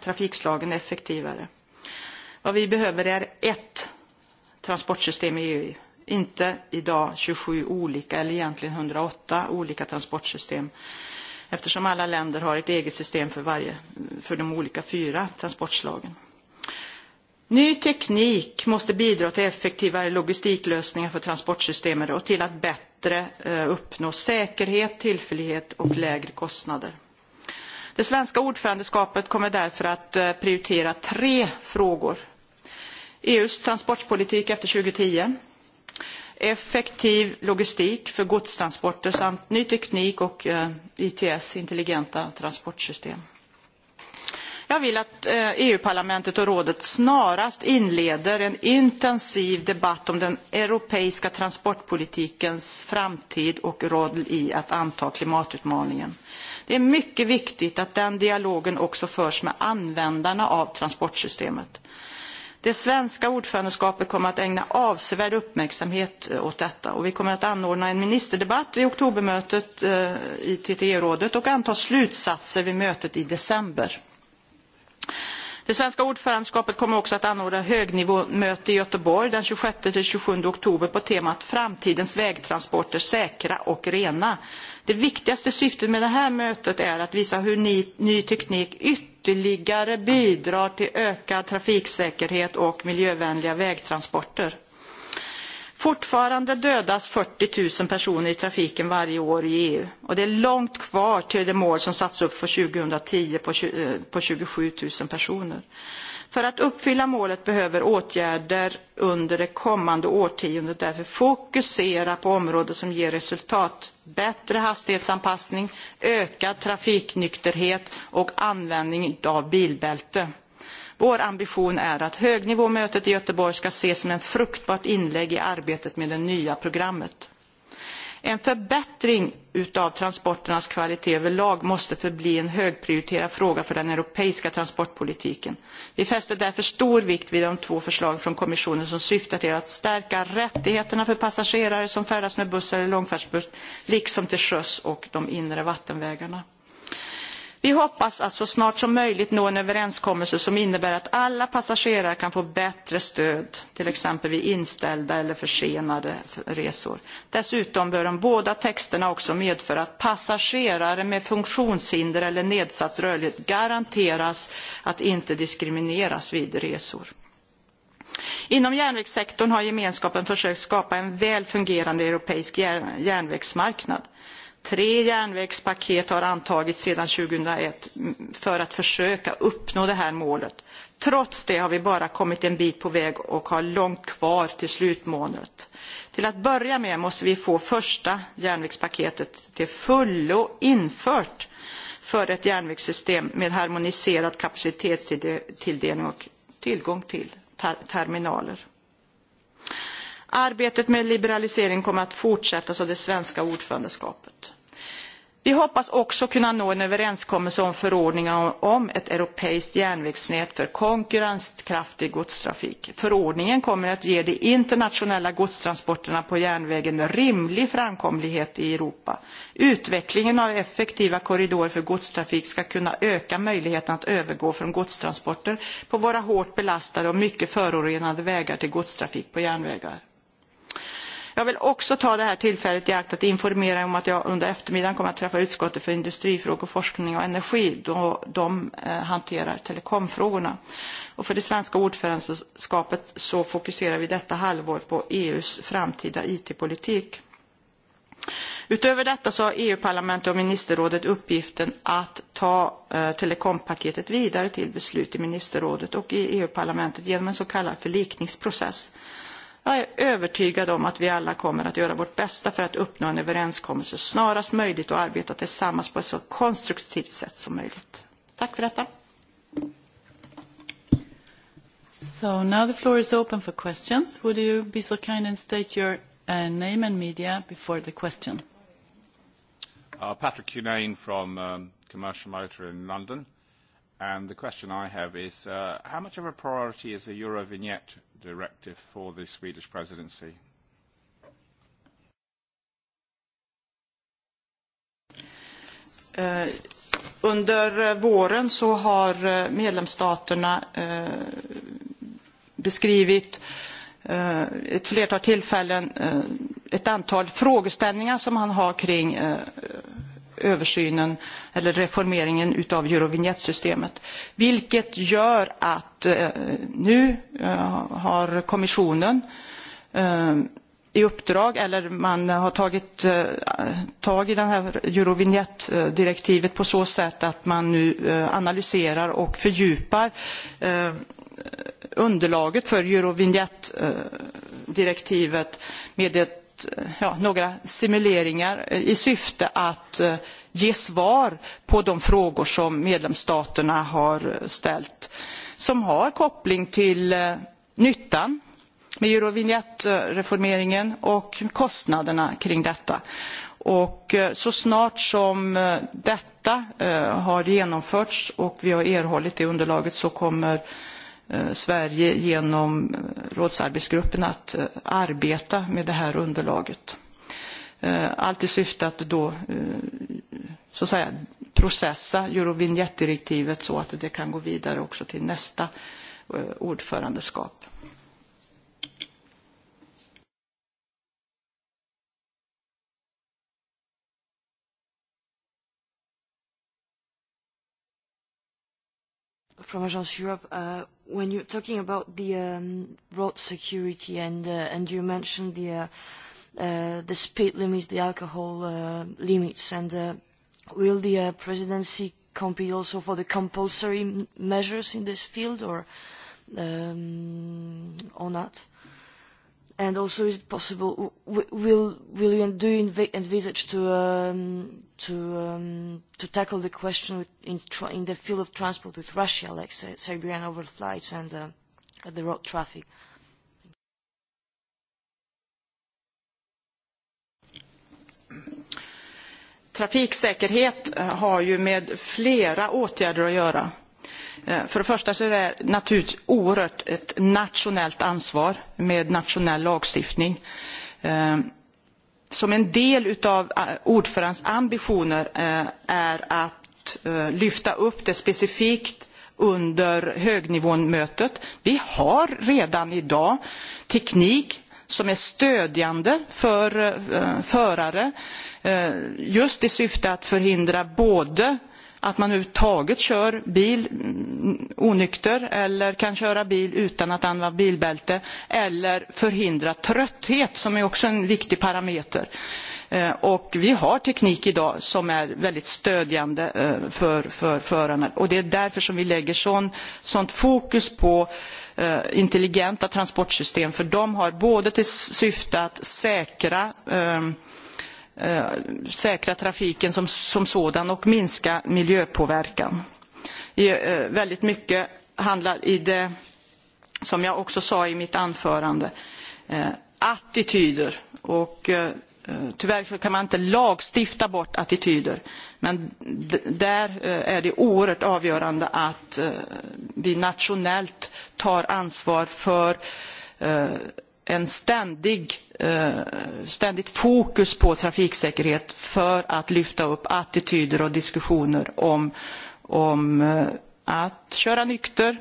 trafikslagen effektivare. Vad vi behöver är ett transportsystem i EU, inte idag 27 olika eller egentligen 108 olika transportsystem eftersom alla länder har ett eget system för, varje, för de olika fyra transportslagen. Ny teknik måste bidra till effektivare logistiklösningar för transportsystemet och till att bättre eh, uppnå säkerhet, tillförlighet och lägre kostnader. Det svenska ordförandeskapet kommer därför att eh, prioritera tre frågor. EUs transportpolitik efter 2010, effektiv logistik för godstransporter samt ny teknik och eh, ITS, intelligenta transportsystem. Jag vill att EU-parlamentet eh, e och rådet snarast inleder en intensiv debatt om den europeiska transportpolitikens framtid och roll i att anta klimatutmaningen. Det är mycket viktigt att den dialogen också förs med användarna av transportsystemet. Det svenska ordförandeskapet kommer att ägna avsevärd uppmärksamhet eh, åt detta och vi kommer att anordna en ministerdebatt vid oktobermötet eh, i TTE-rådet och anta slutsatser vid mötet i december. Det svenska ordförandeskapet kommer också att anordna högnivåmöte i Göteborg den 26-27 oktober på temat Framtidens vägtransporter säkra och rena. Det viktigaste syftet med det här mötet är att visa hur ny, ny teknik ytterligare bidrar till ökad trafiksäkerhet och miljövänliga vägtransporter. Fortfarande dödas 40 000 personer i trafiken varje år i EU och det är långt kvar till det mål som satts upp för 2010 på, 27 000 eh, personer. För att uppfylla målet behöver åtgärder under det kommande årtiondet därför fokusera på områden som ger resultat. Bättre hastighetsanpassning, ökad trafiknykterhet och användning av bilbälte. Vår ambition är att högnivåmötet i Göteborg ska ses som en fruktbart inlägg i arbetet med det nya programmet. En förbättring av transporternas kvalitet överlag måste förbli en högprioriterad fråga för den europeiska transportpolitiken. Vi fäster därför stor vikt vid de två förslag från kommissionen som syftar till att stärka rättigheterna för passagerare som färdas med buss eller långfärdsbuss, liksom till sjöss och de inre vattenvägarna. Vi hoppas att så snart som möjligt nå en överenskommelse som innebär att alla passagerare kan få bättre stöd, till exempel vid inställda eller försenade resor. Dessutom bör de båda texterna också medföra att passagerare med funktionshinder eller nedsatt rörlighet garanteras att inte diskrimineras vid resor. Inom järnvägssektorn har gemenskapen försökt skapa en väl fungerande europeisk järnvägsmarknad tre järnvägspaket har antagits sedan 2001 för att försöka uppnå det här målet. Trots det har vi bara kommit en bit på väg och har långt kvar till slutmålet. Till att börja med måste vi få första järnvägspaketet till fullo infört för ett järnvägssystem med harmoniserad kapacitetstilldelning och tillgång till terminaler. Arbetet med liberalisering kommer att fortsätta så det svenska ordförandeskapet. Vi hoppas också kunna nå en överenskommelse om förordningar om ett europeiskt järnvägsnät för konkurrenskraftig godstrafik. Förordningen kommer att ge de internationella godstransporterna på järnvägen rimlig framkomlighet i Europa. Utvecklingen av effektiva korridorer för godstrafik ska kunna öka möjligheten att övergå från godstransporter på våra hårt belastade och mycket förorenade vägar till godstrafik på järnvägar. Jag vill också ta det här tillfället i akt att informera om att jag under eftermiddagen kommer att träffa utskottet för industrifrågor, forskning och energi då de eh, hanterar telekomfrågorna. Och för det svenska ordförandeskapet så fokuserar vi detta halvår på EUs framtida IT-politik. Utöver detta så har EU-parlamentet och ministerrådet uppgiften att ta eh, telekompaketet vidare till beslut i ministerrådet och i EU-parlamentet genom en så kallad förlikningsprocess. Jag är övertygad om att vi alla kommer att göra vårt bästa för att uppnå en överenskommelse snarast möjligt och arbeta tillsammans på ett så konstruktivt sätt som möjligt. Tack för detta. So now the floor is open for questions. Would you be so kind and state your uh, name and media before the question? Uh, Patrick Cunane from um, Commercial Motor in London. And the question I have is, uh, how much of a priority is the Eurovignette directive for the Swedish presidency? Uh, under våren så har uh, medlemsstaterna uh, beskrivit uh, ett flertal tillfällen uh, ett antal frågeställningar som han har kring översynen eller reformeringen utav Eurovignettsystemet. Vilket gör att eh, nu eh, har kommissionen eh, i uppdrag eller man har tagit eh, tag i det här Eurovignettdirektivet på så sätt att man nu eh, analyserar och fördjupar eh, underlaget för Eurovignettdirektivet med ett Eh, ja, några simuleringar eh, i syfte att eh, ge svar på de frågor som medlemsstaterna har ställt som har koppling till nyttan med Eurovignettreformeringen och kostnaderna kring detta. Och så snart som detta har genomförts och vi har erhållit det underlaget så kommer Eh, Sverige genom eh, rådsarbetsgruppen att eh, arbeta med det här underlaget. Allt i syfte att då så att säga, processa Eurovignettdirektivet så att det kan gå vidare också till nästa ordförandeskap. from Agence Europe. Uh, when you're talking about the um, road security and uh, and you mentioned the uh, uh, the speed limits, the alcohol uh, limits, and uh, will the uh, presidency compete also for the compulsory measures in this field or um, or not? And also, is it possible, will, will you do you env envisage to, um, to, um, to tackle the question with in, tra in the field of transport with Russia, like say, Siberian overflights and uh, the road traffic? Trafiksäkerhet eh, har ju med flera åtgärder att göra Eh, för det första så är det naturligtvis oerhört ett nationellt ansvar med nationell lagstiftning. Eh, som en del av eh, ordförandens ambitioner är att lyfta upp det specifikt under högnivåmötet. Vi har redan idag teknik som är stödjande för förare just i syfte att förhindra både att man överhuvudtaget kör bil mm, onykter eller kan köra bil utan att använda bilbälte eller förhindra trötthet som är också en viktig parameter. Eh, och vi har teknik idag som är väldigt stödjande eh, för, för förarna och det är därför som vi lägger sån, sånt fokus på eh, intelligenta transportsystem för de har både till syfte att säkra eh, Eh, säkra trafiken som, som sådan och minska miljöpåverkan. I, eh, väldigt mycket handlar i det, som jag också sa i mitt anförande, eh, attityder. Och, Tyvärr kan man inte lagstifta bort attityder. Men där är det oerhört avgörande att vi nationellt tar ansvar för en ständig, eh, ständigt fokus på trafiksäkerhet för att lyfta upp attityder och diskussioner om, eh, att köra nykter,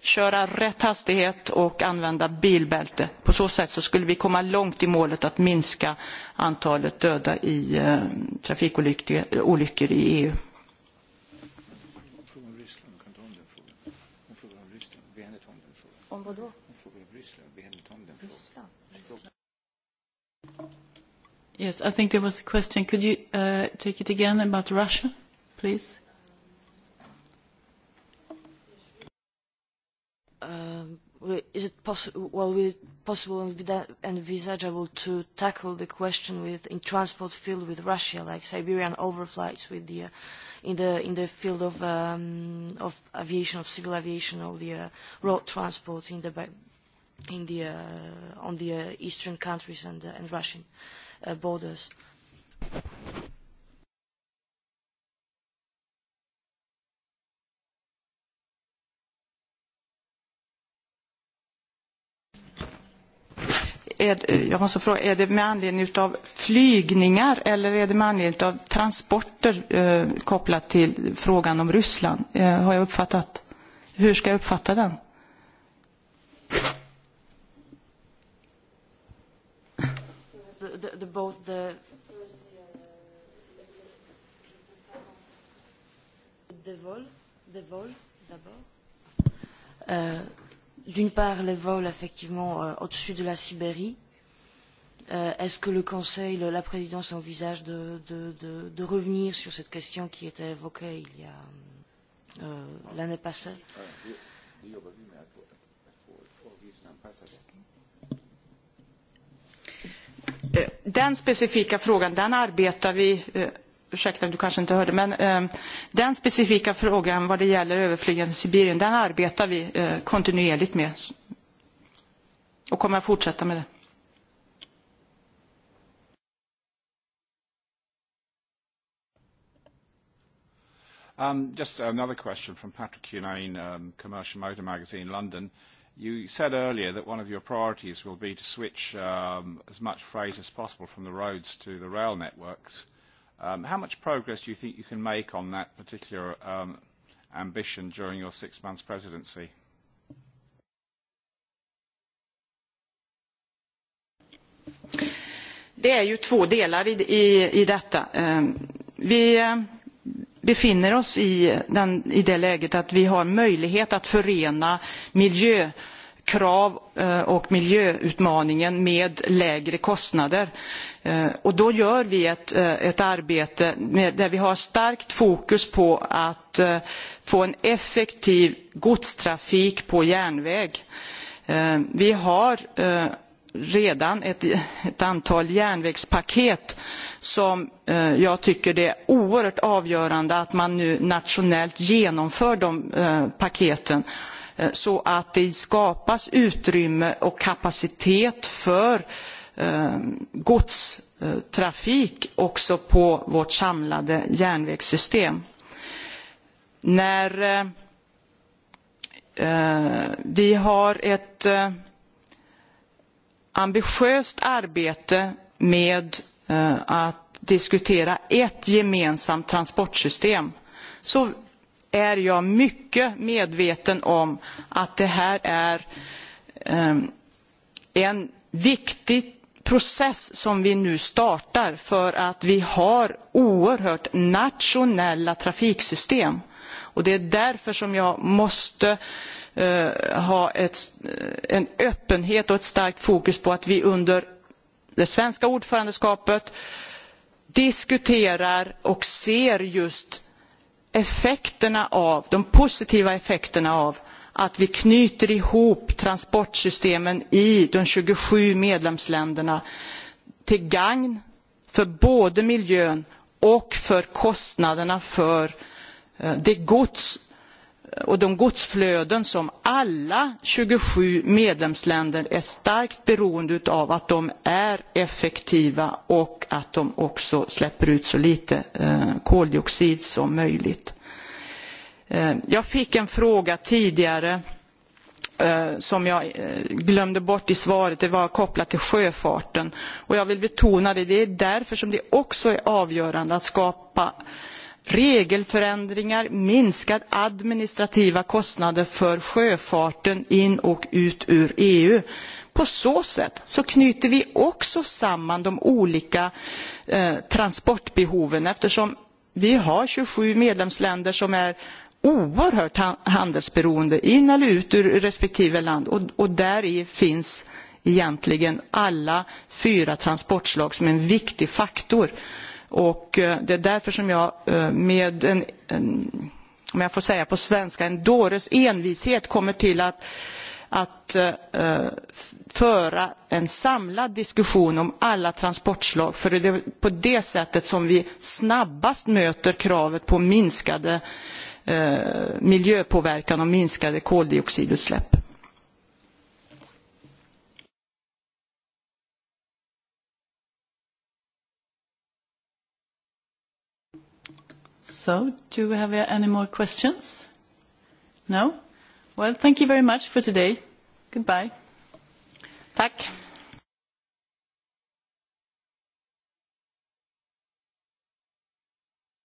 köra rätt hastighet och använda bilbälte. På så sätt så skulle vi komma långt i målet att minska antalet döda i eh, trafikolyckor i EU. Om Yes, I think there was a question. Could you uh, take it again about Russia, please? Um, is it possible? Well, will it possible and envisageable to tackle the question with in transport field with Russia, like Siberian overflights with the, uh, in the in the field of um, of aviation, of civil aviation, or the uh, road transport in the in the uh, on the uh, eastern countries and uh, and Russian. Uh, Eh, borders. jag måste fråga, är det med anledning av flygningar eller är det med anledning av transporter eh, kopplat till frågan om Ryssland? Eh, har jag uppfattat? Hur ska jag uppfatta den? both the Euh, D'une part, les vols effectivement euh, au-dessus de la Sibérie. Euh, Est-ce que le Conseil, le, la présidence envisage de, de, de, de revenir sur cette question qui était évoquée il y a euh, l'année passée? Eh, den specifika frågan den arbetar vi eh, ursäkta du kanske inte hörde, men eh, den specifika frågan vad det gäller överflygande i Sibirien, den arbetar vi eh, kontinuerligt med och kommer att fortsätta med det. Um, just another question from Patrick Cunane, um, Commercial Motor Magazine, London. You said earlier that one of your priorities will be to switch um, as much freight as possible from the roads to the rail networks. Um, how much progress do you think you can make on that particular um, ambition during your six months presidency? Det är ju två delar i, i, i detta. Ehm, vi ehm, befinner oss i, den, i det läget att vi har möjlighet att förena miljökrav eh, och miljöutmaningen med lägre kostnader. Eh, och då gör vi ett, eh, ett arbete med, där vi har starkt fokus på att få en effektiv godstrafik på järnväg. Vi har redan ett, ett antal järnvägspaket som eh, jag tycker det är oerhört avgörande att man nu nationellt genomför de eh, paketen eh, så att det skapas utrymme och kapacitet för eh, godstrafik också på vårt samlade järnvägssystem. När eh, eh, vi har ett ambitiöst arbete med eh, att diskutera ett gemensamt transportsystem så är jag mycket medveten om att det här är eh, en viktig process som vi nu startar för att vi har oerhört nationella trafiksystem. Och det är därför som jag måste eh, Eh, ha ett, eh, en öppenhet och ett starkt fokus på att vi under det svenska ordförandeskapet diskuterar och ser just effekterna av, de positiva effekterna av att vi knyter ihop transportsystemen i de 27 medlemsländerna till gagn för både miljön och för kostnaderna för eh, det gods och de godsflöden som alla 27 medlemsländer är starkt beroende av att de är effektiva och att de också släpper ut så lite eh, koldioxid som möjligt. Eh, jag fick en fråga tidigare eh, som jag glömde bort i svaret. Det var kopplat till sjöfarten. Och jag vill betona det. Det är därför som det också är avgörande att skapa regelförändringar, minskade administrativa kostnader för sjöfarten in och ut ur EU. På så sätt så knyter vi också samman de olika eh, transportbehoven eftersom vi har 27 medlemsländer som är oerhört handelsberoende in eller ut ur respektive land och, och där finns egentligen alla fyra transportslag som en viktig faktor. Eh, Eh, det är därför som jag eh, med en, en om jag får säga på svenska, en dåres envishet kommer till att, att uh, föra en samlad diskussion om alla transportslag. För det är på det sättet som vi snabbast möter kravet på minskade uh, miljöpåverkan och minskade koldioxidutsläpp. So, do we have uh, any more questions? No? Well, thank you very much for today. Goodbye. Tack.